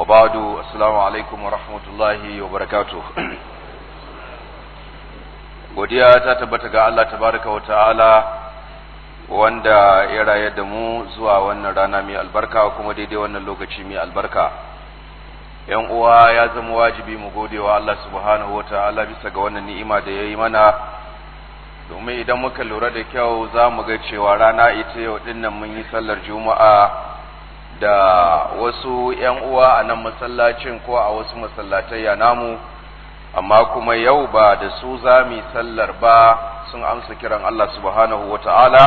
وبعد السلام alaikum wa rahmatullahi wa godiya ta tabbata ga Allah tabaraka wa ta'ala wanda ya rayar da mu zuwa wannan rana mai albarka kuma daidai wannan lokaci mai albarka yan uwa ya zama wajibi mu gode wa Allah subhanahu wa ta'ala bisa ga wannan ni'ima da ya yi mana domin idan muka lura da kyau za mu ga cewa rana ita yau dinnan mun yi sallar juma'a da wasu 'yan uwa a nan masallacin ko a wasu masallatai namu amma kuma yau ba da su za mu sallar ba sun amsa kiran Allah subhanahu wata'ala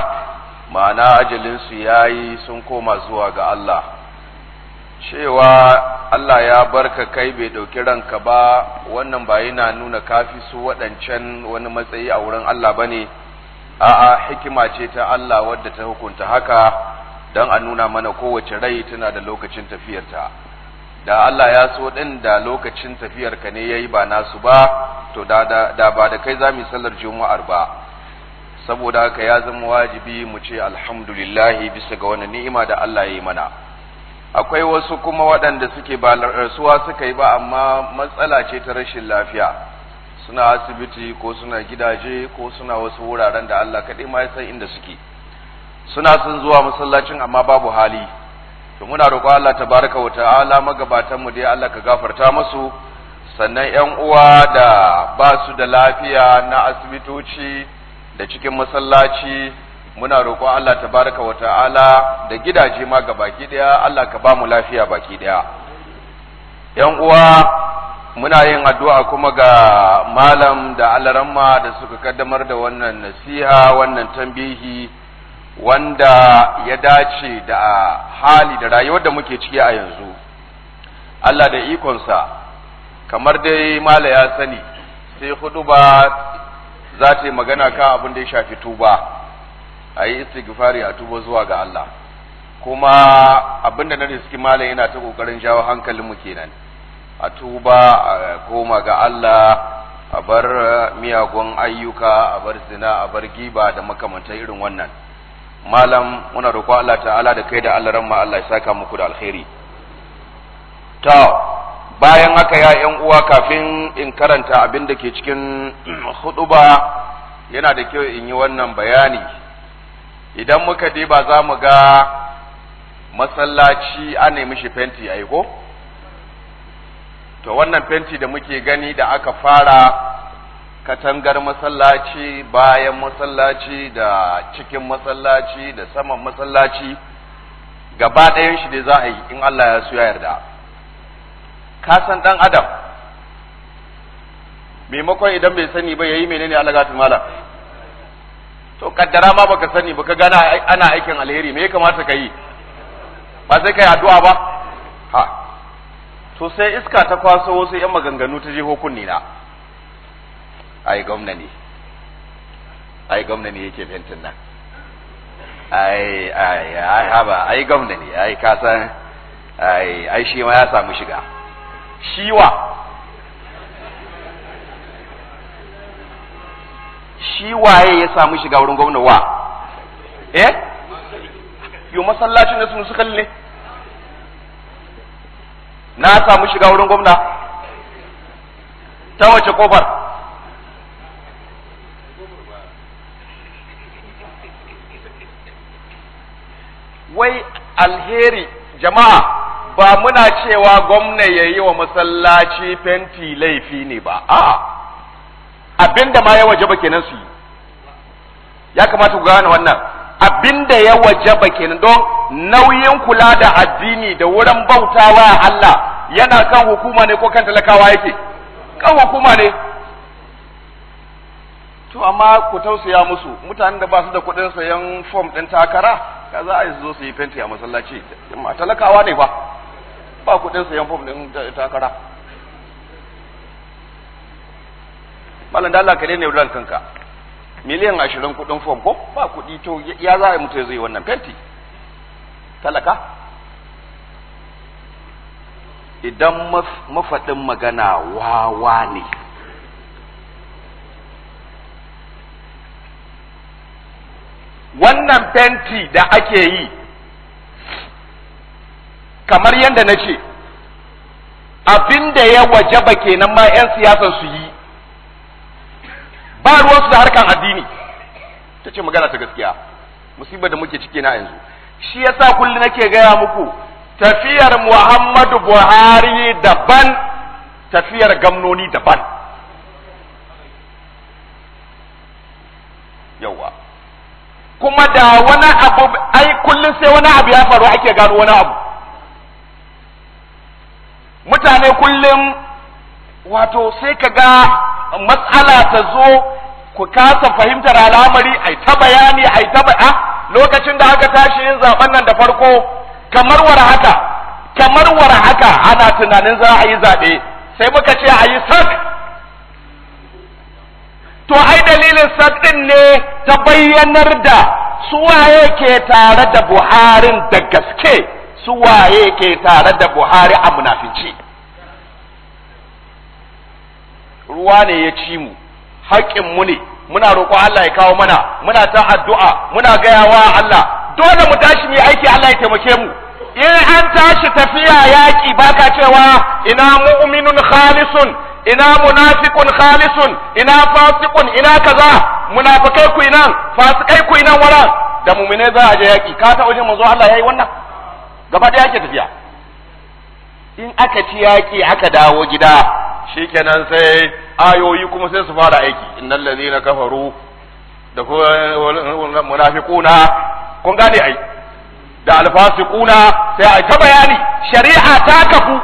ma'ana ajalinsu ya yi sun koma zuwa ga Allah cewa Allah ya barka kai bai ɗauki ranka ba wannan ba yana nuna kafi su waɗancan wani matsayi a wurin Allah ba ne a'a hikima ce ta Allah wadda ta hukunta haka don a nuna mana kowace rai tana da lokacin tafiyarta da Allah ya so ɗin da lokacin tafiyarka ne ya yi ba nasu ba to da, ba da kai za mu sallar juma'ar ba saboda haka ya zama wajibi mu ce alhamdulillahi bisa ga wani ni'ima da Allah ya yi mana akwai wasu kuma waɗanda suke ba rasuwa suka yi ba amma matsala ce ta rashin lafiya suna asibiti ko suna gidaje ko suna wasu wuraren da Allah kaɗai ma ya san inda suke suna sun zuwa masallacin amma babu hali to muna roƙo Allah tabaraka wa ta'ala magabatan mu dai Allah ka gafarta musu sannan ƴan uwa da ba su da lafiya na asibitoci da cikin masallaci muna roƙo Allah tabaraka wa ta'ala da gidaje ma gabaki baki daya Allah ka ba mu lafiya baki daya ƴan uwa muna yin addu'a kuma ga malam da alaramma da suka kaddamar da wannan nasiha wannan tambihi wanda ya dace da hali da rayuwar da muke ciki a yanzu Allah da ikonsa kamar dai mala ya sani sai hudu ba za ta yi magana kan abin da ya shafi tuba a yi istighfari a tuba zuwa ga Allah kuma abin da na riski mala yana ta kokarin jawo hankalinmu kenan a tuba a koma ga Allah a bar miyagun ayyuka a bar zina a bar giba da makamantar irin wannan malam muna roƙon Allah ta'ala da kai da Allah ranma Allah ya saka muku da alkhairi to bayan haka ya ƴan uwa kafin in karanta abin da ke cikin huɗuba yana da kyau in yi wannan bayani idan muka ba za mu ga masallaci an nemi shi fenti ai ko to wannan fenti da muke gani da aka fara katangar masallaci bayan masallaci da cikin masallaci da saman masallaci gaba ɗayan shi da za a yi in Allah ya so ya yarda ka san ɗan adam maimakon idan bai sani ba yayi menene alagatul malam to kaddara ma baka sani baka gana ana aikin alheri me ya kamata ka yi ba sai kai addu'a ba ha to sai iska ta kwaso wasu yan maganganu ta je hukunni na ai gwamna ne ai gwamna ne yake fentin nan ai ai ai haba ai gwamna ne ai ka san ai ai shi ma ya samu shiga shiwa shi waye ya samu shiga wurin gwamna wa eh yo masallacin da sun suka ne na samu shiga wurin gwamna ta wace kofar alheri jama'a ba muna cewa gwamna ya yi wa masallaci fenti laifi ne ba a abinda ma ya wajaba kenan su yi ya kamata ku gane wannan abinda ya wajaba kenan don nauyin kula da addini da wurin bautawa Allah yana kan hukuma ne ko kan talakawa yake kan hukuma ne to amma ku tausaya musu mutanen da ba su da kuɗin sayan fom ɗin takara Ka za a yi zo su yi fenti a masallaci amma talakawa ne ba ba kudin sayan fom din takara malam da Allah ka daina yaudan kanka miliyan ashirin kudin fom ko ba kudi to ya za a yi mutu zai wannan fenti talaka idan mafaɗin magana wawa ne wannan fenti da ake yi kamar yadda na ce abin da ya wajaba kenan ma 'yan siyasa su yi ba ruwansu da harkar addini ta ce magana ta gaskiya musibar da muke ciki na yanzu shi yasa kullum nake gaya muku tafiyar muhammadu buhari daban tafiyar gamnoni daban kuma da wani abu ai kullum sai wani abu ya faru ake gano wani abu mutane kullum wato sai ka ga matsala ta zo ku kasa fahimtar al'amari ai ta bayani ai ta ba ah, lokacin da aka tashi yin zaben nan da farko kamar war haka kamar war haka ana tunanin za a yi zaɓe sai muka ce a yi sak to ai dalilin sadin ne ta bayyanar da su waye ke tare da buharin da gaske suwaye ke tare da buhari a munafici ruwa ne ya ci mu mu ne muna roƙo Allah ya kawo mana muna ta addu'a muna gayawa Allah dole mu tashi mu aiki Allah ya taimake mu in an tashi tafiya yaƙi baka cewa ina mu'minun khalisun ina munafiqun khalisun ina fasiqun ina kaza munafikai ku ina fasikai ku ina wala da mumine za a je yaki ka ta wajen manzo Allah yayi wannan gaba da yake tafiya in aka ci yaki aka dawo gida shikenan sai ayoyi kuma sai su fara aiki innal ladina kafaru da munafiquna kun gane ai da alfasiquna sai a ta bayani shari'a ta kafu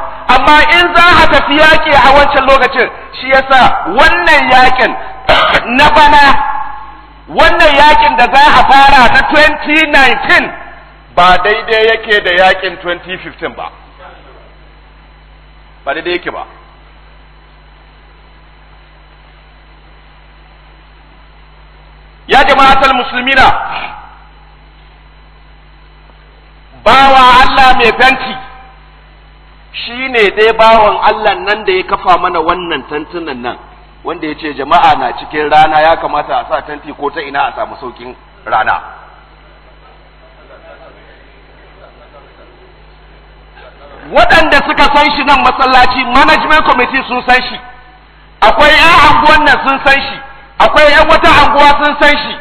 amma in za a tafi yaƙi a wancan lokacin shi yasa wannan yaƙin na bana wannan yaƙin da za a fara na 2019 ba daidai yake da yaƙin 2015 ba ba daidai yake ba ya jama'atul musulmina bawa Allah mai fenti shi ne dai bawan Allah nan da ya kafa mana wannan tantunan nan wanda ya ce jama'a na cikin rana ya kamata a sa tanti ko ta ina a samu saukin rana waɗanda suka san shi nan masallaci management committee sun san shi akwai 'yan anguwan nan sun san shi akwai 'yan wata anguwa sun san shi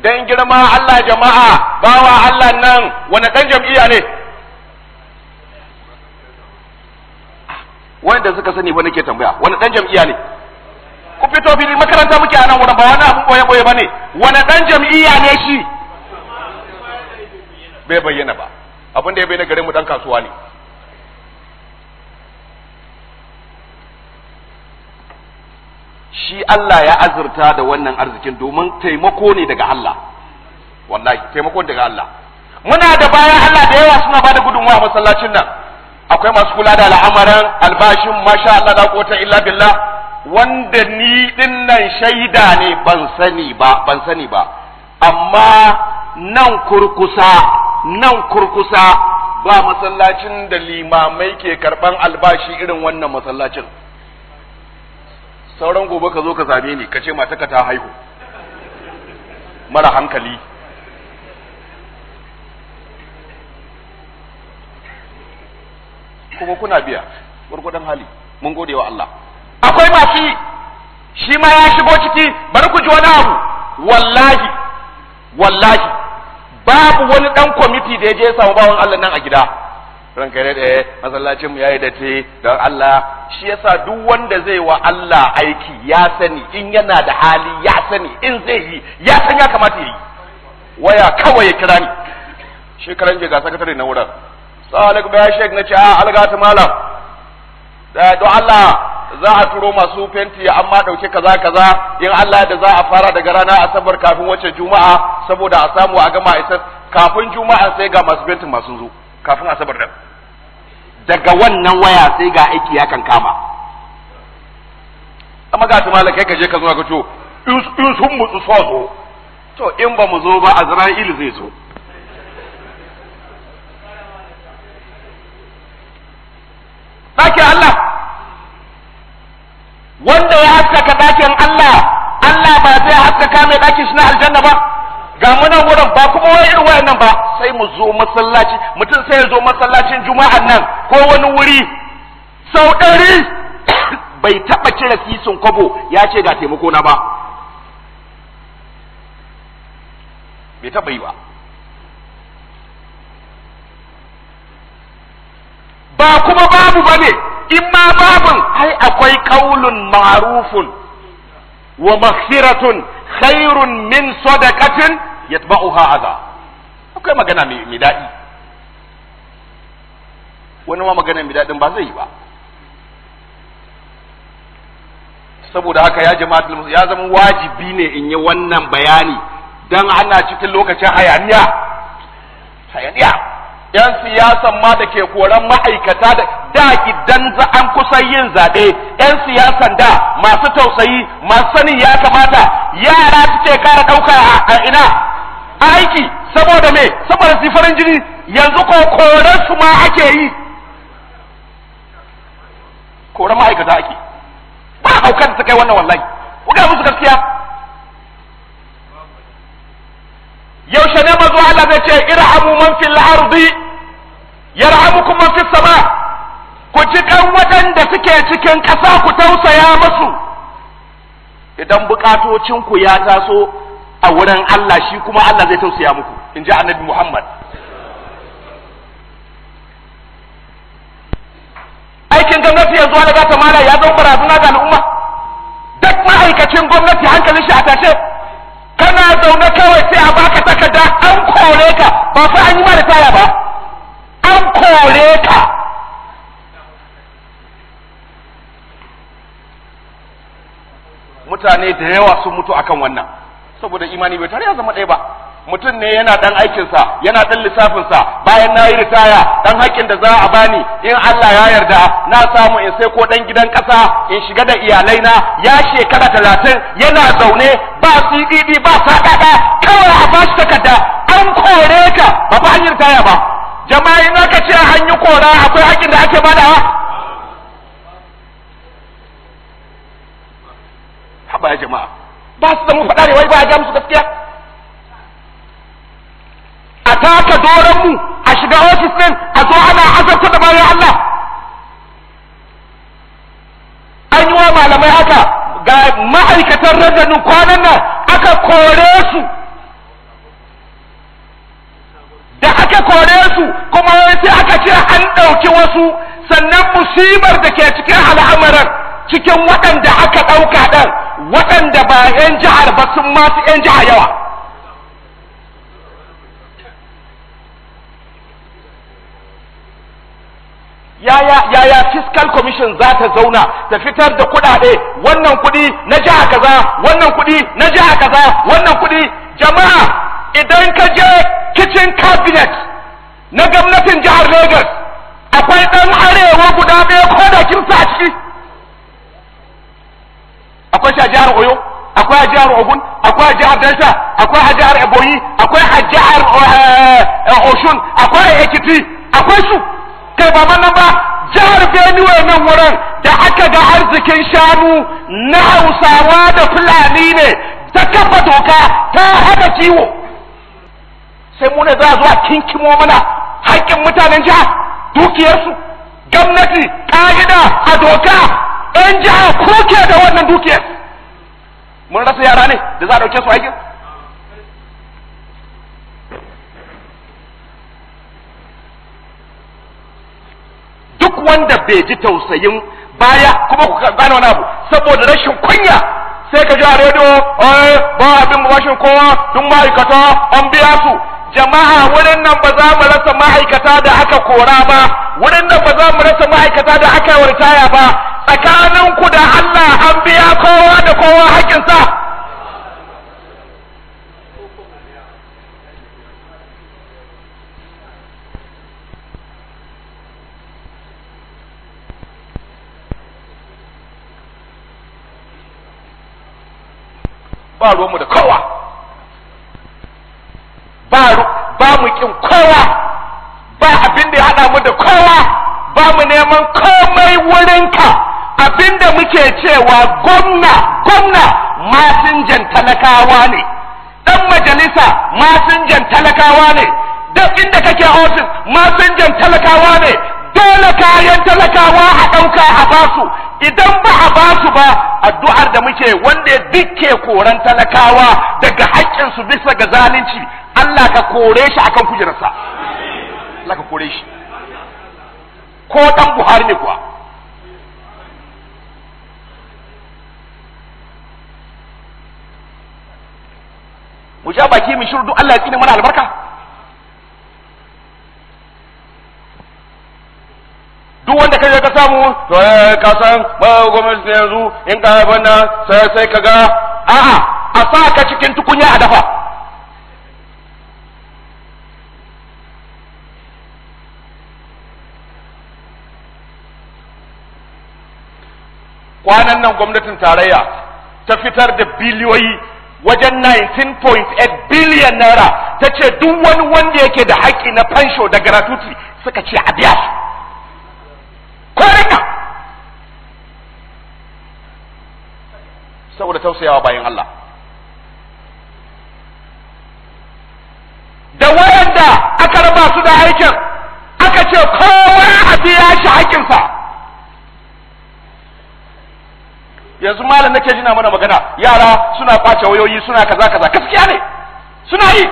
don girma Allah jama'a bawa Allah nan wani ɗan jam'iyya ne wanda suka sani ba nake tambaya wani dan jam'iyya ne ku fito fili makaranta muke a nan wurin ba wani abun boye boye bane wani dan jam'iyya ne shi bai bayyana ba abin da ya bayyana gare mu dan kasuwa ne shi Allah ya azurta da wannan arzikin domin taimako ne daga Allah wallahi taimako daga Allah muna da bayan Allah da yawa suna bada gudunmawa masallacin nan akwai masu kula da al'amaran albashin masha Allah da kota illa billah wanda ni din nan shaida ne ban sani ba ban sani ba amma nan kurkusa nan kurkusa ba masallacin da limamai ke karban albashi irin wannan masallacin sauran gobe ka zo ka same ni ka ce mataka ta haihu mara hankali kuma kuna biya gurgudan hali mun gode wa Allah akwai masu shi ma ya shigo ciki bari ku ji wani abu wallahi wallahi babu wani dan kwamiti da ya je samu bawan Allah nan a gida ranka ne da masallacin mu yayi datti don Allah shi yasa duk wanda zai wa Allah aiki ya sani in yana da hali ya sani in zai yi ya san ya kamata yi waya kawai ya kira ni shekaran je ga sakatare na wurin salamu ya shek na ce a algata malam da don Allah za a turo masu fenti amma dauke kaza kaza in Allah da za a fara daga rana asabar kafin wacce juma'a saboda a samu a gama isar kafin juma'a sai ga masu fenti masu zo kafin asabar da daga wannan waya sai ga aiki ya kan kama amma ga tumala kai ka je ka zo ka to in sun mutsu so zo to in ba mu zo ba Azrail zai zo ɗakin Allah wanda ya haskaka ɗakin Allah Allah ba zai haskaka mai ɗakin shi na aljanna ba ga munan wurin ba kuma wai irin wayannan ba sai mu zo masallaci mutum sai ya zo masallacin juma'a nan ko wani wuri sau ɗari bai taɓa cire sisin kwabo ya ce ga taimako na ba bai taɓa yi ba ba kuma babu bane in ma babun ai akwai qaulun ma'rufun wa maghfiratun khairun min sadaqatin yatba'uha adha akwai magana mai daɗi wani ma magana mai daɗin ba zai yi ba saboda haka ya jama'atul ya zama wajibi ne in yi wannan bayani dan ana cikin lokacin hayaniya hayaniya yan siyasan ma da ke koran ma'aikata da da idan za an kusan yin zaɓe yan siyasan da masu tausayi masu sanin ya kamata yara suke kara ɗauka a ina aiki saboda me saboda su farin jini yanzu ko koran su ma ake yi koran ma'aikata ake ba da su kai wannan wallahi ku ga musu gaskiya yaushe ne mazo Allah zai ce irhamu man fil ardi yarhamukum man fis sama ku ji kan waɗanda suke cikin kasa ku tausaya musu idan bukatocin ku ya taso a wurin Allah shi kuma Allah zai tausaya muku in ji annabi Muhammad aikin gwamnati yanzu wani ta mala ya zama barazana ga al'umma duk ma'aikacin gwamnati hankalin shi a tashe kana zaune kawai sai a baka takarda an kore ka ba fa an yi mara taya ba an kore ka mutane da yawa sun mutu akan wannan saboda imani bai tare ya zama ɗaya ba mutum ne yana dan aikinsa yana dan lissafinsa bayan na yi ritaya dan haƙƙin da za a bani in Allah ya yarda na samu in sai ko dan gidan ƙasa in shiga da iyalai na, ya shekara talatin yana zaune ba CDD ba sadaka kawai a bashi takarda an kore ka ba ba an yi ritaya ba jama'a in aka ce a yi kora akwai haƙƙin da ake badawa haɓa jama'a ba su zama faɗa ne wai ba a ga musu gaskiya a taka doron mu a shiga ofis ɗin a zo ana azarta da bayan Allah an yi wa malamai haka ga ma'aikatan rajanin kwanan nan aka kore su an ɗauki wasu sannan musibar da ke cikin al'amarin cikin waɗanda aka ɗauka ɗan waɗanda ba 'yan jihar ba sun masu 'yan jiha yawa yaya yaya fiscal commission za ta zauna ta fitar da kuɗaɗe wannan kuɗi na jiha kaza wannan kuɗi na jiha kaza wannan kuɗi jama'a idan ka je kitchen cabinet na gwamnatin jihar Lagos akwai ɗan arewa guda ɗaya ko da kin sa ciki akwai shi a jihar oyo akwai a jihar ogun akwai a jihar delta akwai a jihar ebonyi akwai a jihar eh, eh, oshun akwai a ekiti akwai su kai ba nan ba jihar benue nan wurin da aka ga arzikin shanu na hausawa da fulani ne ta kafa doka ta hada kiwo sai mu ne za a zo a kinkimo mana haƙƙin mutanen jiha dukiyarsu gwamnati ƙa'ida a doka ɗan jiha kuke da wannan dukiyar mun rasa yara ne da za a ɗauke su aiki. duk wanda bai ji tausayin baya kuma ku gane wani abu saboda rashin kunya sai ka ji a rediyo eh, ba abin bashin kowa duk ma'aikata an biya su jama'a wurin nan ba za mu rasa ma'aikata da aka kora ba wurin nan ba za mu rasa ma'aikata da aka wartaya ba tsakanin ku da Allah an biya kowa da kowa haƙinsa ba ruwanmu da kowa ba mu kin kowa ba abin da ya haɗa mu da kowa ba mu neman komai wurinka abin da muke cewa gwamna gwamna masinjan talakawa ne Dan majalisa masinjan talakawa ne duk inda kake ofis masinjan talakawa ne dole kayan talakawa a ɗauka a basu idan ba a basu ba addu'ar da muke wanda dukke koran talakawa daga haƙƙinsu bisa ga zalunci Allah ka kore shi akan kujerarsa Allah ka kore shi ko dan Buhari ne kuwa mu ja baki mu shirdu Allah ya tsine mana albarka duk wanda kai ka samu to eh, ka san ba gwamnati yanzu in ka bana sai sai kaga a'a a sa ka cikin tukunya a dafa kwanan nan gwamnatin tarayya ta fitar da biliyoyi wajen 19.8 biliyan naira ta ce duk wani wanda yake da haƙƙi na fansho da gratuity suka ce a biya su saboda tausayawa bayan Allah da wayanda aka raba su da aikin aka ce kowa a biya shi haƙƙinsa yanzu malam nake jina mana magana yara suna kwace wayoyi suna kaza kaza gaskiya ne suna yi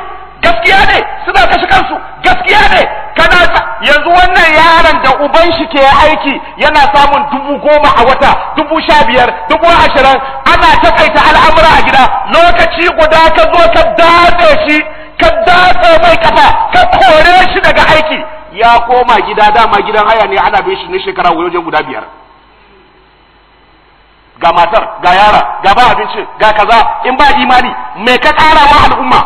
gaskiya ne suna kashe kansu gaskiya ne kana yanzu wannan yaron da uban shi ke aiki yana samun dubu goma a wata dubu sha biyar dubu ashirin ana takaita al'amura a gida lokaci guda ka zo ka datse shi ka dace mai kafa ka kore shi daga aiki ya koma gida dama gidan haya ne ana bin shi ne shekara wajen guda biyar ga matar ga yara ga ba abincin ga kaza in ba imani mai ka kara wa al'umma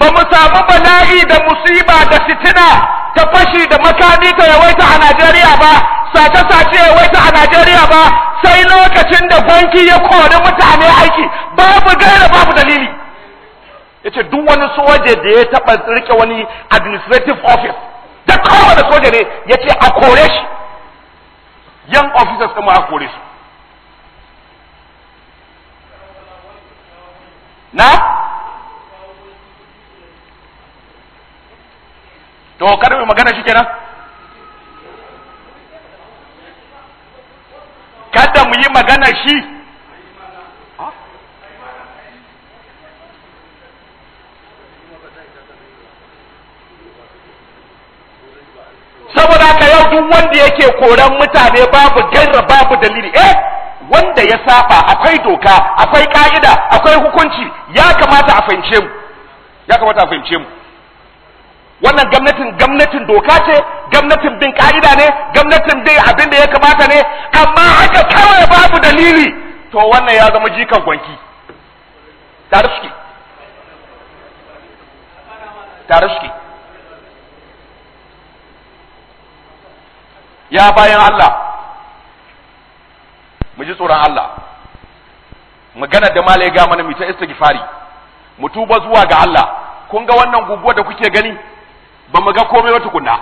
ba mu samu bala'i da musiba da fitina ta fashi da makami ta yawaita a Najeriya ba sace-sace yawaita a Najeriya ba sai lokacin da banki ya kori mutane aiki babu gaira babu dalili yace duk wani soja da ya taɓa rike wani administrative office da kowane soja ne yace a kore shi yan officers kuma a kore su na to kada mai magana shi kenan kada mu yi magana shi saboda ka yau duk wanda yake koran mutane babu gaira babu dalili eh wanda ya saba akwai doka akwai ka'ida akwai hukunci ya kamata a fahimce mu ya kamata a fahimce mu wannan gwamnatin gwamnatin doka ce gwamnatin bin ka'ida ne gwamnatin bin abin da ya kamata ne amma haka kawai babu dalili to wannan ya zama jikan gwanki tare suke tare suke ya bayan Allah mu ji tsoron Allah magana da malai ga mana mu ta istighfari mu tuba zuwa ga Allah kun ga wannan guguwa da kuke gani ba mu ga komai ba kunna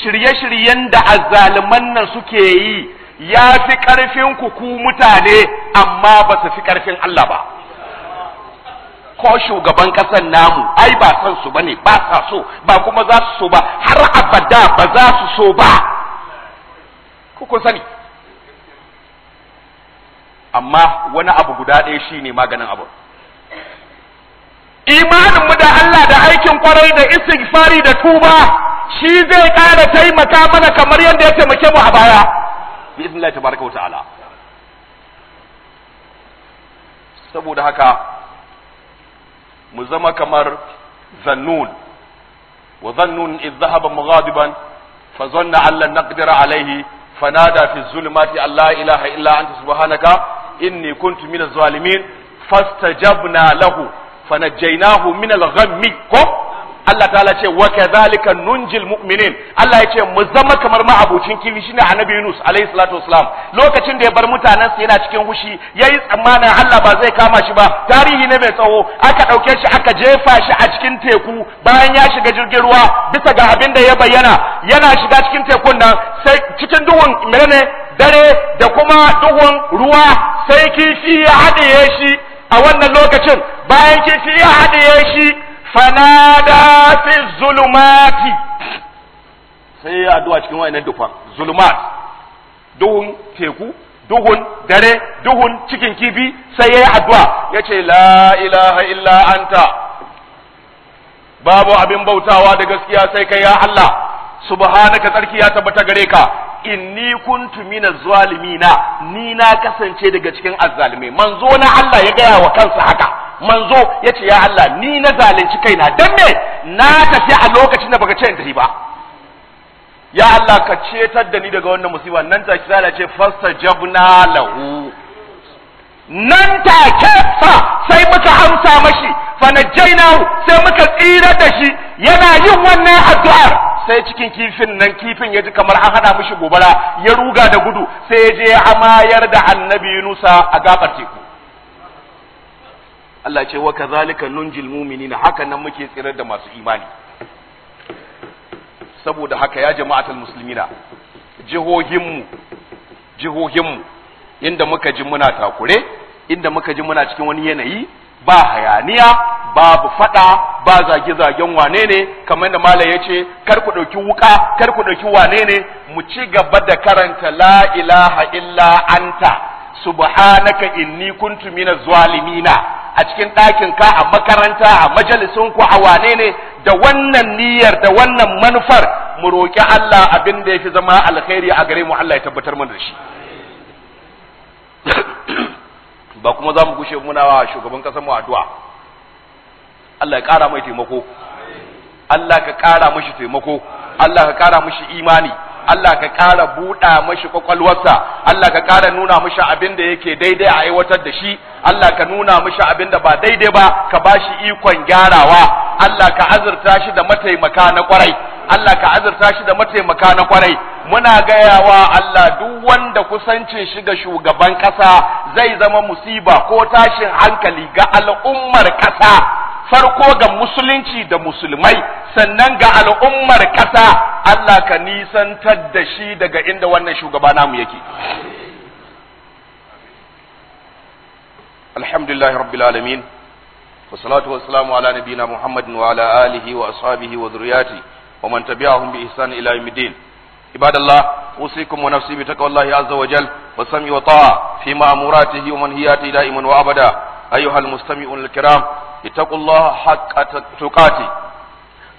shirye-shiryen da azzaliman nan suke yi ya fi karfin ku ku mutane amma ba su fi ƙarfin Allah ba ko shugaban kasar namu ai ba san su bane ba sa so ba kuma za su so ba har abada ba za su so ba kun sani amma wani abu guda ɗaya shine maganin abu imanin mu da Allah da aikin kwarai da istighfari da tuba shi zai ƙara taimaka mana kamar yadda ya taimake mu a baya bi iznillahi tabaraka wa ta'ala saboda haka mu zama kamar zannun wa zannun idh dhahaba mughadiban fa zanna an lan naqdira alayhi fanada fi zulumati Allah ilaha illa anta subhanaka inni kuntu minaz zalimin fastajabna lahu fanajjaynahu minal ghammi ko Allah ta'ala ce wa kadhalika nunjil mu'minin Allah ya ce mu zama kamar ma'abucin kifi shine annabi Yunus alayhi salatu wasalam lokacin da ya bar mutanen sa yana cikin hushi yayi tsammanin Allah ba zai kama shi ba tarihi ne mai tsawo aka dauke shi aka jefa shi a cikin teku bayan ya shiga jirgin ruwa bisa ga abin da ya bayyana yana shiga cikin tekun nan sai cikin duhun menene dare da kuma duhun ruwa sai kifi ya haɗiye shi a wannan lokacin bayan kifi ya haɗiye shi fanada fi zulumati sai ya addu'a cikin wayannan dufa zulumat duhun teku duhun dare duhun cikin kibi sai ya yi addu'a ya ce la ilaha illa anta babu abin bautawa da gaskiya sai kai ya Allah subhanaka tsarki ya tabbata gare ka inni kuntu minaz zalimina ni na kasance daga cikin azzalimai manzo na Allah ya gaya wa kansa haka manzo ya ce ya Allah ni na zalunci kaina dan me na tafi a lokacin da baka ce in ba ya Allah ka cetar da ni daga wannan musiba nan ta sai Allah ce jabna lahu nan ta ke fa sai muka hamsa mashi fanajainahu sai muka tsira da shi yana yin wannan addu'ar sai cikin kifin nan kifin ya ji kamar an hada mishi gobara ya ruga da gudu sai ya je amayar da annabi Yunusa a gabar teku Allah ce wa kazalika nunjil mu'minina haka nan muke tsirar da masu imani saboda haka ya jama'atul muslimina jihohinmu jihohinmu inda muka ji muna takure inda muka ji muna cikin wani yanayi ba hayaniya babu fada ba zage-zagen wane ne kamar da malam ya ce kar ku ɗauki wuka kar ku ɗauki wane ne mu ci gaba da karanta la ilaha illa anta subhanaka inni kuntu minaz zalimina a cikin ɗakin ka a makaranta a majalisin ku a wane ne da wannan niyyar da wannan manufar mu roƙi Allah abin da yafi zama alkhairi a gare mu Allah ya tabbatar mana da shi ba kuma za mu gushe muna wa shugaban ƙasar mu addu'a Allah ya ƙara mai taimako Allah ka ƙara mishi taimako Allah ka ƙara mishi imani Allah ka ƙara buɗa mashi kwakwalwarsa Allah ka ƙara nuna mashi abin da yake daidai a aiwatar da shi Allah ka nuna mashi abin da ba daidai ba ka ba shi ikon gyarawa Allah ka azurta shi da mataimaka na kwarai Allah ka azurta shi da mataimaka na kwarai muna gayawa Allah duk wanda kusancin shi ga shugaban ƙasa zai zama musiba ko tashin hankali ga al'ummar ƙasa farko ga musulunci da musulmai sannan ga al'ummar ƙasa Allah ka nisantar da shi daga inda wannan shugaba namu yake alhamdulillah rabbil alamin wassalatu wassalamu ala nabiyina muhammadin wa ala alihi wa ashabihi wa dhurriyyati wa man tabi'ahum bi ihsan ila yawmiddin ibadallah أوصيكم wa بتقوى الله عز وجل والسمع وطاعة في مأموراته ومنهياته دائما وأبدا أيها المستمعون kiram. اتقوا الله حق تقاته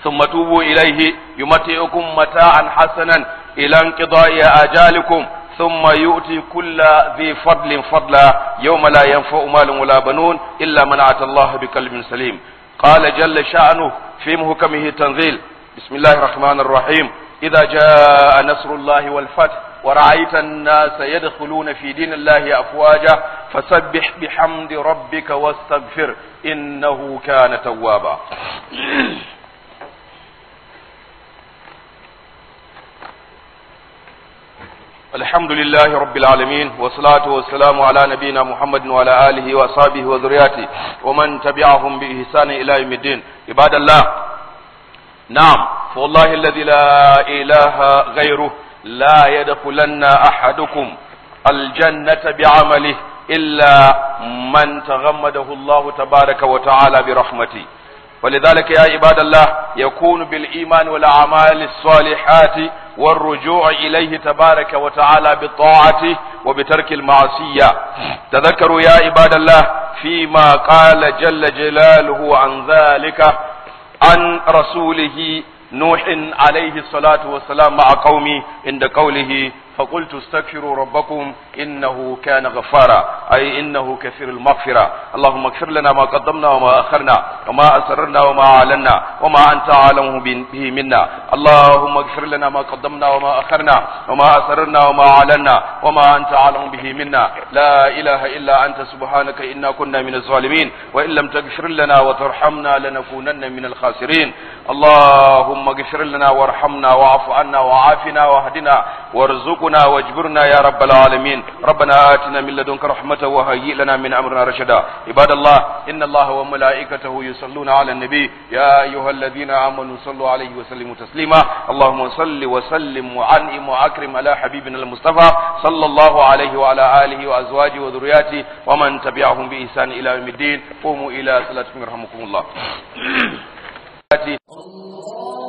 ثم توبوا إليه يمتعكم متاعا حسنا إلى انقضاء آجالكم ثم يؤتي كل ذي فضل فضلا يوم لا ينفع مال ولا بنون إلا من أتى الله بقلب سليم قال جل شأنه في محكمه تنزيل بسم الله الرحمن الرحيم إذا جاء نصر الله والفتح ورأيت الناس يدخلون في دين الله أفواجا فسبح بحمد ربك واستغفر إنه كان توابا الحمد لله رب العالمين والصلاة والسلام على نبينا محمد وعلى آله وصحبه وذرياته ومن تبعهم بإحسان إلى يوم الدين عباد الله نعم فوالله الذي لا إله غيره لا يدخلن أحدكم الجنة بعمله إلا من تغمده الله تبارك وتعالى برحمته ولذلك يا عباد الله يكون بالإيمان والأعمال الصالحات والرجوع إليه تبارك وتعالى بطاعته وبترك المعصية تذكروا يا عباد الله فيما قال جل جلاله عن ذلك عن رسوله نوح عليه الصلاة والسلام مع قومه عند قوله فقلت استغفروا ربكم إنه كان غفارا أي إنه كثير المغفرة اللهم اغفر لنا ما قدمنا وما أخرنا وما أسررنا وما أعلنا وما أنت اعلم به منا اللهم اغفر لنا ما قدمنا وما أخرنا وما أسررنا وما أعلنا وما أنت أعلم به منا لا إله إلا أنت سبحانك إنا كنا من الظالمين وإن لم تغفر لنا وترحمنا لنكونن من الخاسرين اللهم اغفر لنا وارحمنا واعف عنا وعافنا واهدنا وارزقنا واجبرنا يا رب العالمين ربنا آتنا من لدنك رحمة وهيئ لنا من أمرنا رشدا عباد الله إن الله وملائكته يصلون على النبي يا أيها الذين آمنوا صلوا عليه وسلموا تسليما اللهم صل وسلم وعنئم وأكرم على حبيبنا المصطفى صلى الله عليه وعلى آله وأزواجه وذرياته ومن تبعهم بإحسان إلى يوم الدين قوموا إلى صلاتكم يرحمكم الله الله